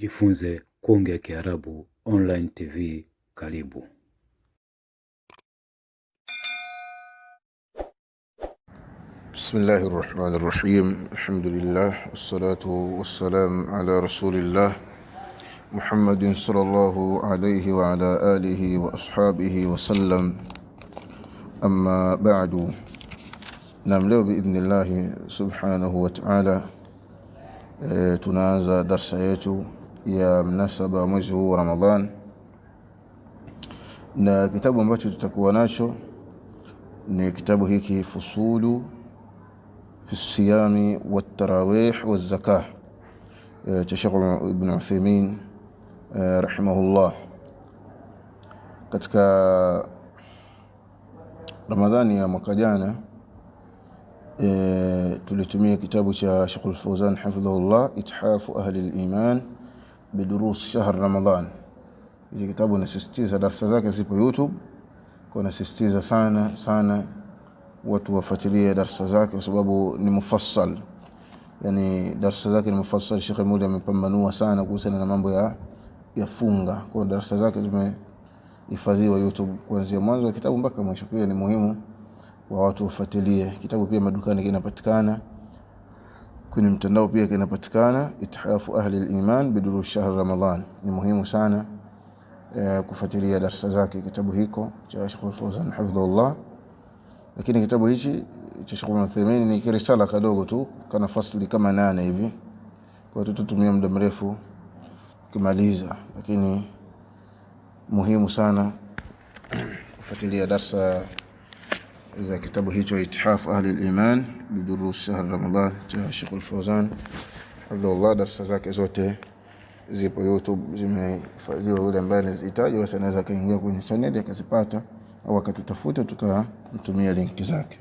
Jifunze kuongea Kiarabu online TV karibu. Bismillahi rahmani rahim, alhamdulillah wassalatu wassalam ala rasulillah Muhammadin sallallahu alayhi wa ala alihi wa ashabihi wa sallam amma ba'du. Nam, leo biidhnillahi subhanahu wa ta'ala, e, tunaanza darsa yetu يا مناسبة مجهو رمضان نا كتاب مباشر تتكواناشو نا كتاب هيكي فصول في الصيام والتراويح والزكاة آه، تشيخ ابن عثيمين آه، رحمه الله كتك رمضان يا مكاجانا آه، تلتمي كتاب شيخ الفوزان حفظه الله إتحاف أهل الإيمان bidurus shahr Ramadan. Hiki kitabu nasisitiza, darasa zake zipo YouTube, kwa nasisitiza sana sana watu wafuatilie darasa zake kwa sababu ni mufassal, yani darasa zake ni mufassal. Sheikh Mudi amepambanua sana kuhusiana na mambo ya ya funga, kwa darasa zake zimehifadhiwa YouTube kuanzia mwanzo wa kitabu mpaka mwisho. Pia ni muhimu kwa watu wafuatilie kitabu. Pia madukani kinapatikana. Kwenye mtandao pia kinapatikana itihafu Ahli Liman biduru shahr Ramadhan. Ni muhimu sana e, kufuatilia darsa zake kitabu hiko cha Sheikh Fawzan hafidhullah. Lakini kitabu hichi cha Sheikh Uthaymeen ni kirisala kadogo tu, kana fasli kama nane hivi, kwa hiyo muda mrefu kumaliza, lakini muhimu sana kufuatilia darsa za kitabu hicho Ithaf Ahli Liman Bidurus Shahr Ramadan cha Sheikh Al-Fawzan Hafidhullah. Darasa zake zote zipo YouTube, zimehifadhiwa. Yule ambaye anazihitaji basi anaweza akaingia kwenye chaneli akazipata, au akatutafuta tukamtumia linki zake.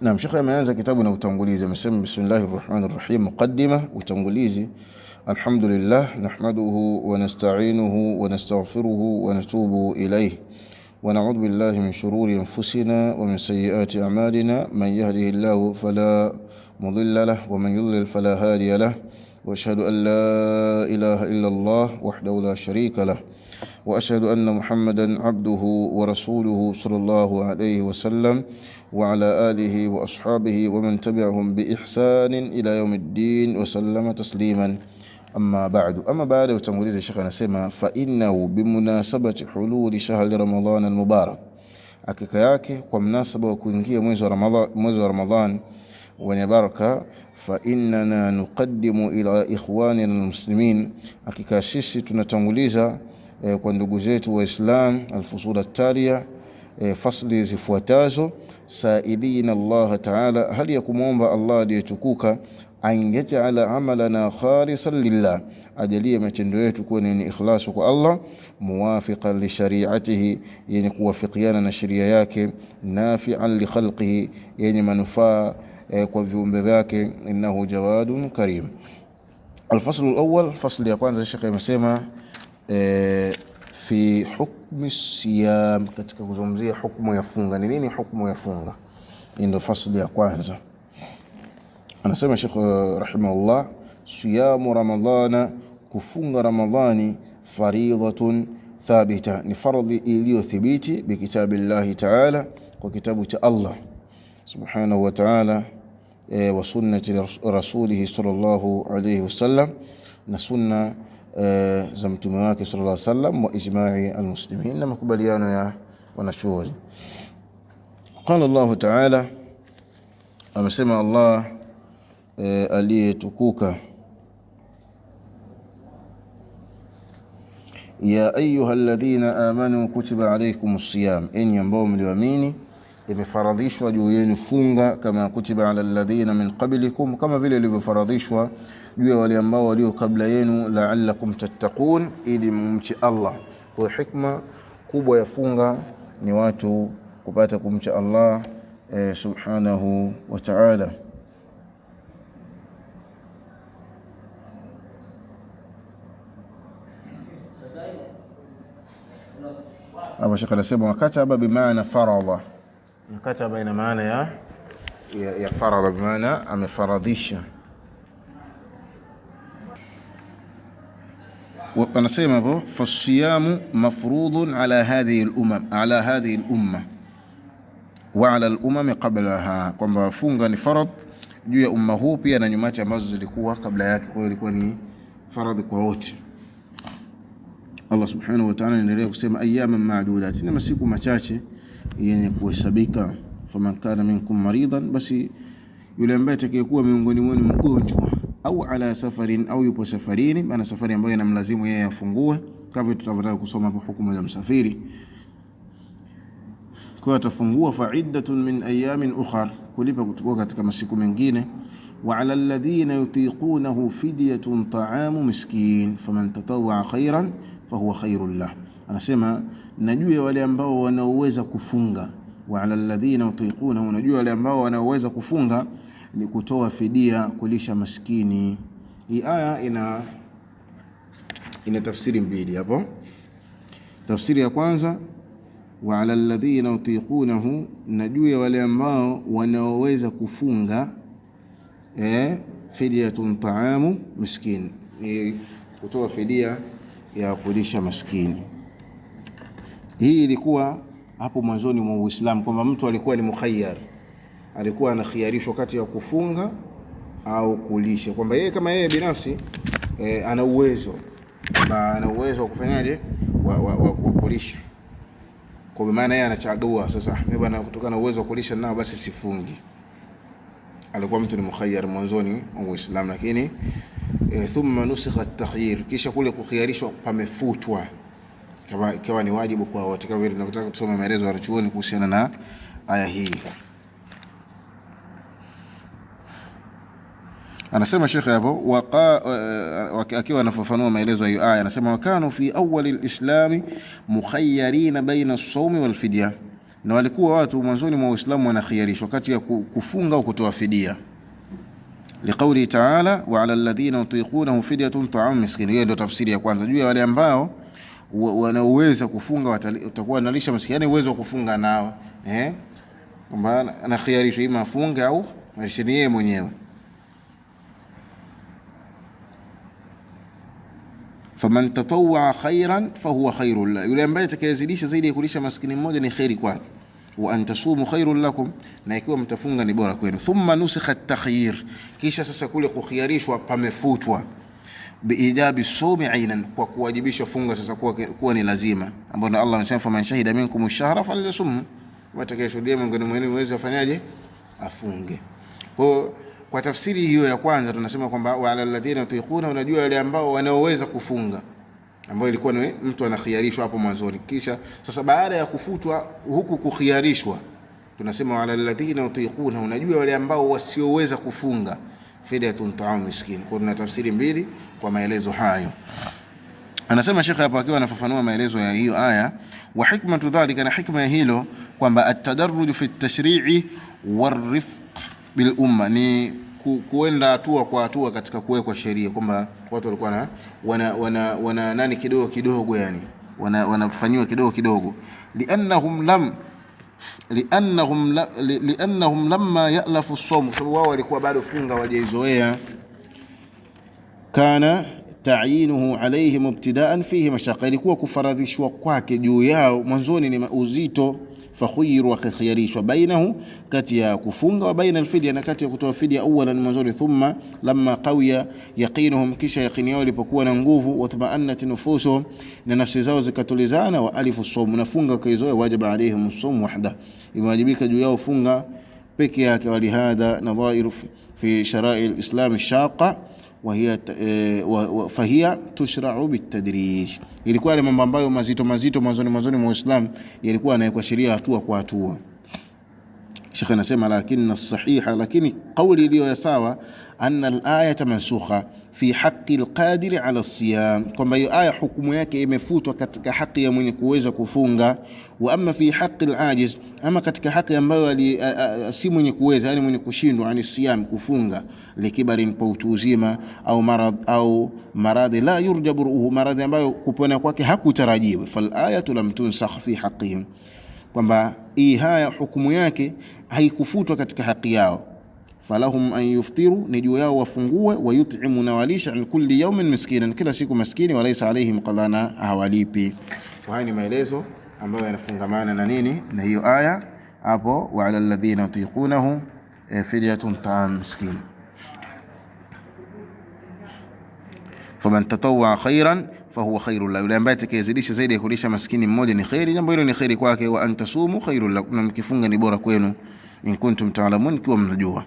Naam, Sheikh ameanza kitabu na utangulizi, amesema bismillahir rahmanir rahim. Muqaddima, utangulizi alhamdulillah nahmaduhu wa nasta'inuhu wa nastaghfiruhu wa natubu ilayhi ونعوذ بالله من شرور أنفسنا ومن سيئات أعمالنا من يهده الله فلا مضل له ومن يضلل فلا هادي له وأشهد أن لا إله إلا الله وحده لا شريك له وأشهد أن محمدا عبده ورسوله صلى الله عليه وسلم وعلى آله وأصحابه ومن تبعهم بإحسان إلى يوم الدين وسلم تسليما Amma baadu, amma baada ya utangulizi, shekhe anasema fa innahu bimunasabati hululi shahri Ramadhan almubarak, hakika yake kwa mnasaba wa kuingia mwezi wa Ramadhan, mwezi wa Ramadhan wenye baraka. Fa innana nuqaddimu ila ikhwanina almuslimin, hakika sisi tunatanguliza eh, kwa ndugu zetu Waislam alfusula taliya eh, fasli zifuatazo. Saidina Allah taala, hali ya kumwomba Allah aliyetukuka an yaj'ala amalana khalisan lillah, ajalie matendo yetu kuwa ni ikhlasu kwa Allah, muwafiqan li shari'atihi, yenye kuwafikiana na sheria yake, nafi'an li khalqihi, yenye manufaa eh, kwa viumbe vyake, innahu jawadun karim. Alfaslu alawwal, fasli ya kwanza, Sheikh amesema eh, fi hukmi siyam, katika kuzungumzia hukumu ya funga. Ni nini hukumu ya funga? Ndio fasli ya kwanza. anasema Sheikh rahimahullah, siyamu ramadhana, kufunga Ramadhani, faridhatun thabita, ni fardhi iliyothibiti, bikitabillahi ta'ala, kwa kitabu cha Allah subhanahu wa ta'ala, e, wa sunnati rasulihi sallallahu alayhi wasallam, na sunna e, za mtume wake sallallahu alayhi wasallam, wa ijma'i almuslimin, na makubaliano ya wanachuoni. Qala Allah ta'ala, amesema Allah e, aliyetukuka ya ayuha alladhina amanu kutiba alaykum siyam, enyi ambao mliamini imefaradhishwa juu yenu funga, kama kutiba ala alladhina min qablikum, kama vile ilivyofaradhishwa juu ya wale ambao walio kabla yenu, la'allakum tattaqun, ili mumche Allah. Kwa hikma kubwa ya funga ni watu kupata kumcha Allah eh, subhanahu wa ta'ala. Hapo shekhe anasema wakataba maana faradha, na kataba ina maana ya ya, ya faradha bimaana amefaradhisha. Anasema hapo fasiyamu mafrudun ala hadhihi al-umam, ala hadhihi al-umma wa ala al-umam qablaha, kwamba funga ni farad juu ya umma huu pia na nyumati ambazo zilikuwa kabla yake. Kwa hiyo ilikuwa ni faradhi kwa wote. Allah subhanahu wa ta'ala anaendelea kusema ayyaman ma'dudat, ni masiku machache yenye kuhesabika. Faman kana minkum maridan, basi yule ambaye atakayekuwa miongoni mwenu mgonjwa, au ala safarin, au yupo safarini, maana safari ambayo inamlazimu yeye afungue, kama tutavyotaka kusoma hapo, hukumu za msafiri kwa atafungua, fa iddatun min ayamin ukhar, kulipa kutoka katika masiku mengine wa ala alladhina yutiqunahu fidyatun ta'amu miskin faman tatawwa khairan fahuwa khairul lah. Anasema najua wale ambao wanaoweza kufunga, wa ala alladhina yutiquna, najua wale ambao wanaoweza kufunga ni kutoa fidia, kulisha maskini. Hii aya ina ina tafsiri mbili hapo. Tafsiri ya kwanza wa ala alladhina yutiqunahu, na juu ya wale ambao wanaoweza kufunga eh, fidyatun taamu miskin, ni kutoa fidia ya kulisha maskini. Hii ilikuwa hapo mwanzoni mwa Uislamu kwamba mtu alikuwa ni mukhayyar, alikuwa anakhiarishwa kati ya kufunga au kulisha, kwamba yeye kama yeye binafsi e, ana uwezo ana uwezo wa kufanyaje wa, wa, wa, wa kulisha kwa maana yeye anachagua sasa, mimi bwana, kutokana na uwezo wa kulisha nao basi sifungi. Alikuwa mtu ni mukhayyar mwanzoni wa Uislamu, lakini e, thumma nusikha takhyir, kisha kule kukhiarishwa pamefutwa, kama ikiwa ni wajibu kwa wote, kama vile tunataka kusoma maelezo ya wanachuoni kuhusiana na aya hii. Anasema shekhe hapo eh, akiwa anafafanua maelezo hayo aya, anasema wakanu fi awali lislami mukhayarina baina saumi walfidya, na walikuwa watu mwanzoni mwa Uislamu wanakhiarishwa kati ya kufunga au kutoa fidia liqauli taala wa ala alladhina yutiqunahu fidyatun ta'amu miskin. Hiyo ndio tafsiri ya kwanza juu ya wale ambao wana uwezo kufunga watakuwa nalisha maskini, yani uwezo wa kufunga nao eh, kwamba ana khiari ima mafunga au ashini yeye mwenyewe. Faman tatawwa khairan fahuwa khairul la, yule ambaye atakayezidisha zaidi ya kulisha maskini mmoja ni khairi kwake wa antasumu tasumu khairun lakum, na ikiwa mtafunga ni bora kwenu. Thumma nusikha takhyir, kisha sasa kule kukhiarishwa pamefutwa biijabi sumi ainan, kwa kuwajibishwa funga sasa kuwa, kuwa ni lazima, ambapo na Allah anasema faman shahida minkum ash shahra falyasum, watakayeshuhudia miongoni mwenu waweze afanyaje? Afunge. Kwa kwa tafsiri hiyo ya kwanza tunasema kwamba wa alladhina yutiquna, unajua wale ambao wanaoweza kufunga ambayo ilikuwa ni mtu anakhiarishwa hapo mwanzoni, kisha sasa baada ya kufutwa huku kukhiarishwa, tunasema wala alladhina yutiquna, unajua wale ambao wasioweza kufunga, fidyatun taamu miskin. Kwa tuna tafsiri mbili kwa maelezo hayo. Anasema shekhe hapo akiwa anafafanua maelezo ya hiyo aya, wa hikmatu dhalika, na hikma ya hilo kwamba atadarruju fi tashri'i warifq bil umma ni kuenda hatua kwa hatua katika kuwekwa sheria kwamba watu walikuwa na wana, wana, wana nani kidogo kidogo, yani wanafanyiwa wana kidogo kidogo, liannahum lam liannahum la, li, liannahum lamma yalafu somu, sababu wao walikuwa bado funga wajaizoea. Kana tayinuhu alaihim ibtidaan fihi mashaqqa ilikuwa kufaradhishwa kwake juu yao mwanzoni ni uzito fakhuyiru, wakakhiarishwa bainahu, kati ya kufunga wa baina alfidya, na kati ya kutoa fidya. Awalan, mwanzoni. Thumma lamma qawiya yaqinuhum, kisha yaqini yao ilipokuwa na nguvu. Watmaanat nufusuhum, na nafsi zao zikatulizana. Wa alifu sawm, nafunga kaizoe. Wajaba alaihim sawm wahda, imewajibika juu yao funga peke yake. Walihadha nadhairu fi sharai lislam shaqa Wahia, eh, wa, wa, fahia tushrau bitadrij, ilikuwa yale mambo ambayo mazito mazito mwanzoni mwanzoni mwa Uislamu yalikuwa yanawekwa sheria hatua kwa hatua. shekhe anasema lakini sahiha, lakini kauli iliyo ya sawa anna alayata mansukha fi haqi alqadiri ala siyam, kwamba hiyo aya hukumu yake imefutwa katika haki ya mwenye kuweza kufunga. Wa amma fi haqi alajiz, ama katika haki ambayo si mwenye kuweza, yani mwenye kushindwa, ani siyam, kufunga, likibarin, kwa utu uzima, au marad au maradhi la yurja buruhu, maradhi ambayo kupona kwake hakutarajiwa. Fal ayatu lam tunsakh fi haqihim, kwamba hii haya hukumu yake haikufutwa katika haki yao falahum an yuftiru, ni juu yao wafungue, Wa yutimu, na walisha, an kulli yawmin miskinan, kila siku maskini, Wa laysa alayhim qadana, hawalipi. Haya ni maelezo ambayo yanafungamana na nini na hiyo aya hapo, wa ala alladhina yutiqunahu eh, fidyatun ta'am miskin faman tatawwa khairan fahuwa khairul la, yule ambaye atakayezidisha zaidi ya kulisha maskini mmoja ni khairi, jambo hilo ni khairi kwake. Wa antasumu khairul la, na mkifunga ni bora kwenu. In kuntum ta'lamun, kiwa mnajua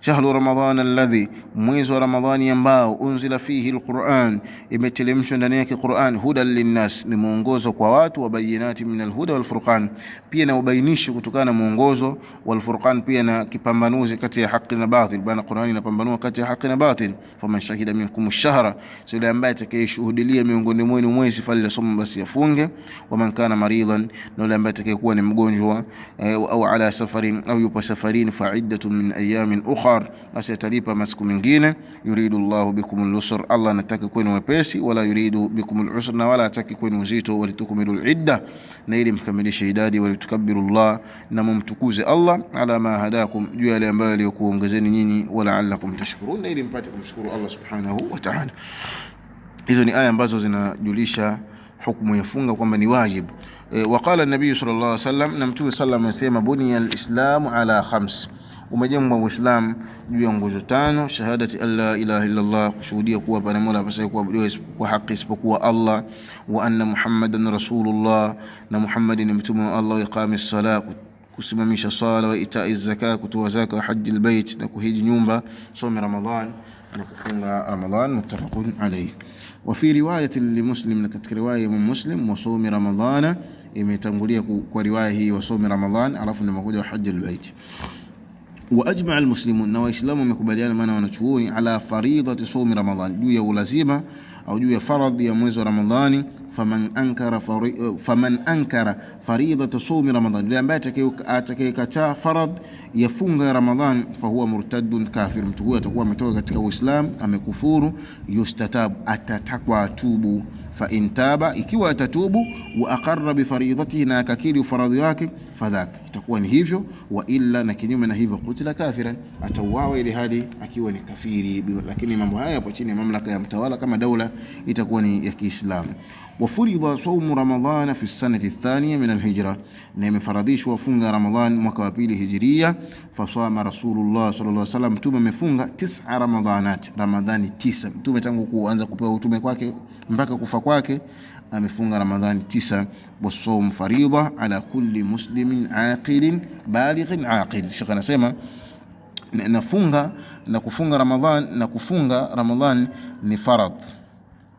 shahru Ramadhan alladhi, mwezi wa Ramadhani ambao unzila fihi alquran, imetelemshwa ndani yake Quran, hudan linnas, ni mwongozo kwa watu, wa bayinati min alhuda walfurqan, pia na ubainishi kutokana na mwongozo, walfurqan, pia na kipambanuzi kati ya haki na batil. Bana, Qurani inapambanua kati ya haki na batil. Faman shahida minkum ash-shahra, yule ambaye atakayeshuhudia miongoni mwenu mwezi, falyasum, basi afunge. Waman kana maridan, na yule ambaye atakayekuwa ni mgonjwa, eh, au ala safarin, au yupo safarini, fa iddatun min ayamin ukhra istighfar, basi atalipa masiku mengine. Yuridu llahu bikum lusr, Allah anataka kwenu wepesi. Wala yuridu bikum lusr, na wala hataki kwenu uzito. Walitukmilu idda, na ili mkamilishe idadi. Walitukabiru llah, na mumtukuze Allah ala ma hadakum, juu yale ambayo aliyokuongezeni nyinyi. Walaalakum tashkurun, na ili mpate kumshukuru Allah subhanahu wa ta'ala. Hizo ni aya ambazo zinajulisha hukumu ya funga kwamba ni wajib. E, waqala nabiyu sallallahu alaihi wasallam, na mtume sallallahu alaihi wasallam amesema, bunya alislamu ala khams umejengwa Uislamu juu ya nguzo tano: shahadati an la ilaha illa kushuhudia kuwa hapana mola hapasai kuabudiwa kwa haki isipokuwa Allah, wa anna muhammadan rasulullah, na Muhammad ni mtume wa Allah, wa iqami ssalah kusimamisha sala, wa itai zaka, kutoa zaka, wa hajji albayt, na kuhiji nyumba, somi Ramadhan na kufunga Ramadhan. Muttafaqun alayhi. Wa fi riwayati limuslim, na katika riwaya ya Muslim, wasomi Ramadhana. Imetangulia kwa riwaya hii wasomi Ramadhan, alafu ndio makuja wa hajji albayt wa ajmaa almuslimun, na Waislamu wamekubaliana, maana wanachuoni, ala faridhati sawmi Ramadhani, juu ya ulazima au juu ya faradhi ya mwezi wa Ramadhani faman ankara, fari, eh, faman ankara faridhata sawmi Ramadan, yule ambaye atakayekataa farad ya funga ya Ramadhan, fahuwa murtaddun kafir, mtu huyo atakuwa ametoka katika Uislam, amekufuru. Yustatab, atatakwa atubu. Fa intaba, ikiwa atatubu, wa aqarra bi faridhatihi, na akakiri faradhi yake, fadhak, itakuwa ni hivyo. Wa illa, na kinyume na hivyo, kutila kafiran, atauawa ili hali akiwa ni kafiri. Lakini mambo haya yapo chini ya mamlaka ya mtawala, kama daula itakuwa ni ya Kiislamu wafuridha saumu ramadhan fi sanati thaniya min alhijra, na imefaradhishwa funga Ramadhan mwaka wa pili hijiria. Fasama rasulullah sallallahu alaihi wasallam, mtume amefunga tisa ramadhanat, ramadhani tisa. Mtume tangu kuanza kupewa utume kwake mpaka kufa kwake amefunga ramadhani tisa. Wasaum faridha ala kulli muslimin aqilin balighin aqil. Shekh anasema nafunga na kufunga Ramadhan na kufunga Ramadhan ni faradh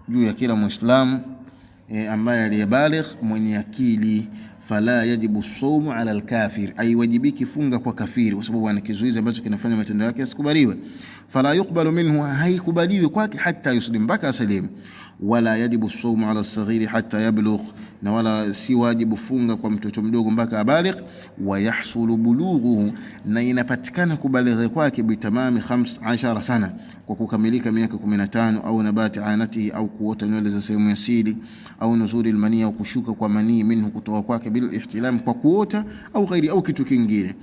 juu ya kila Muislamu e, ambaye aliyebaligh mwenye akili fala yajibu saumu ala lkafir aiwajibiki funga kwa kafiri, kwa sababu ana kizuizi ambacho kinafanya matendo yake yasikubaliwe. Fala yuqbalu minhu, haikubaliwi kwake hata yuslim, mpaka asalimu. Wala yajibu saumu ala lsaghiri hata yablugh, na wala si wajibu funga kwa mtoto mdogo mpaka abaligh. Wayahsulu bulughuhu, na inapatikana kubalighi kwake bitamami 15 sana, kwa kukamilika miaka 15, au nabati anatihi, au kuota nywele za sehemu ya siri, au nuzuri almani, au kushuka kwa manii, minhu kutoka kwake, bil ihtilam, kwa kuota, au ghairi, au kitu kingine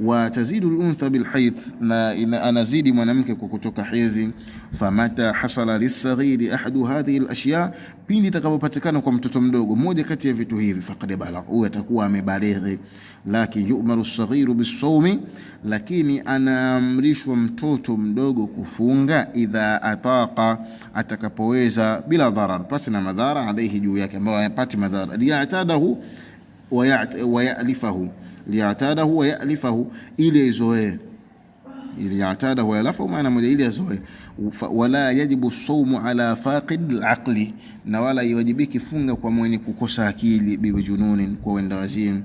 wa tazidu luntha bilhaidh, na ina anazidi mwanamke kwa kutoka hedhi. Famata hasala lisaghiri ahadu hadhihi lashya, pindi itakapopatikana kwa mtoto mdogo moja kati ya vitu hivi, faqad balagha, huyo atakuwa amebalighi. Lakin yu'maru lsaghiru bisawmi, lakini anaamrishwa mtoto mdogo kufunga, idha ataqa, atakapoweza, bila dharar, pasi na madhara, alaihi juu yake, ambayo hayapati madhara, liyatadahu wayalifahu liatadahu wa yalifahu, ili aizoee liatadahu yalafahu, maana moja ili azoee. Wala yajibu saumu ala faqid alaqli, na wala iwajibiki funga kwa mwenye kukosa akili, bijununin, kwa wenda wazimu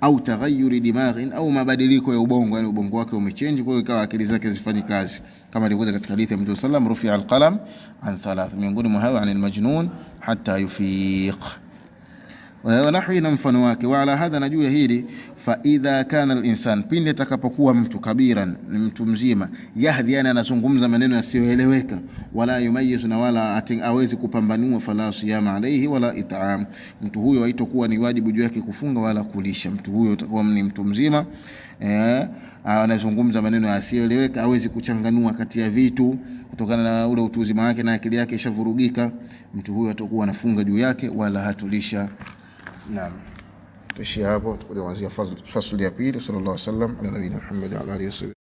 au taghayyuri dimaghin, au mabadiliko ya ubongo, yani ubongo wake umechange, kwa hiyo ikawa akili zake zifanye kazi, kama ilivyokuja katika hadithi ya Mtume sallam, rufi alqalam an thalath, miongoni mwa hayo, ni almajnun hatta yufiq. Eh, wa nahwi na mfano wake. Wa ala hadha, na juu ya hili, fa idha kana al-insan, pindi atakapokuwa mtu kabiran, ni mtu mzima, yahdhi, yani anazungumza maneno yasiyoeleweka, wala yumayizu, na wala awezi kupambanua, fala siyama alayhi wala it'am, mtu huyo haitokuwa ni wajibu juu yake kufunga wala kulisha. Mtu huyo atakuwa ni mtu mzima eh, anazungumza maneno yasiyoeleweka, awezi kuchanganua kati ya vitu kutokana na ule utu uzima wake na akili yake ishavurugika. Mtu huyo atakuwa anafunga juu yake wala hatulisha. نعم تشيها بوت قد فصل فصل بيد صلى الله عليه وسلم على نبينا محمد وعلى اله وصحبه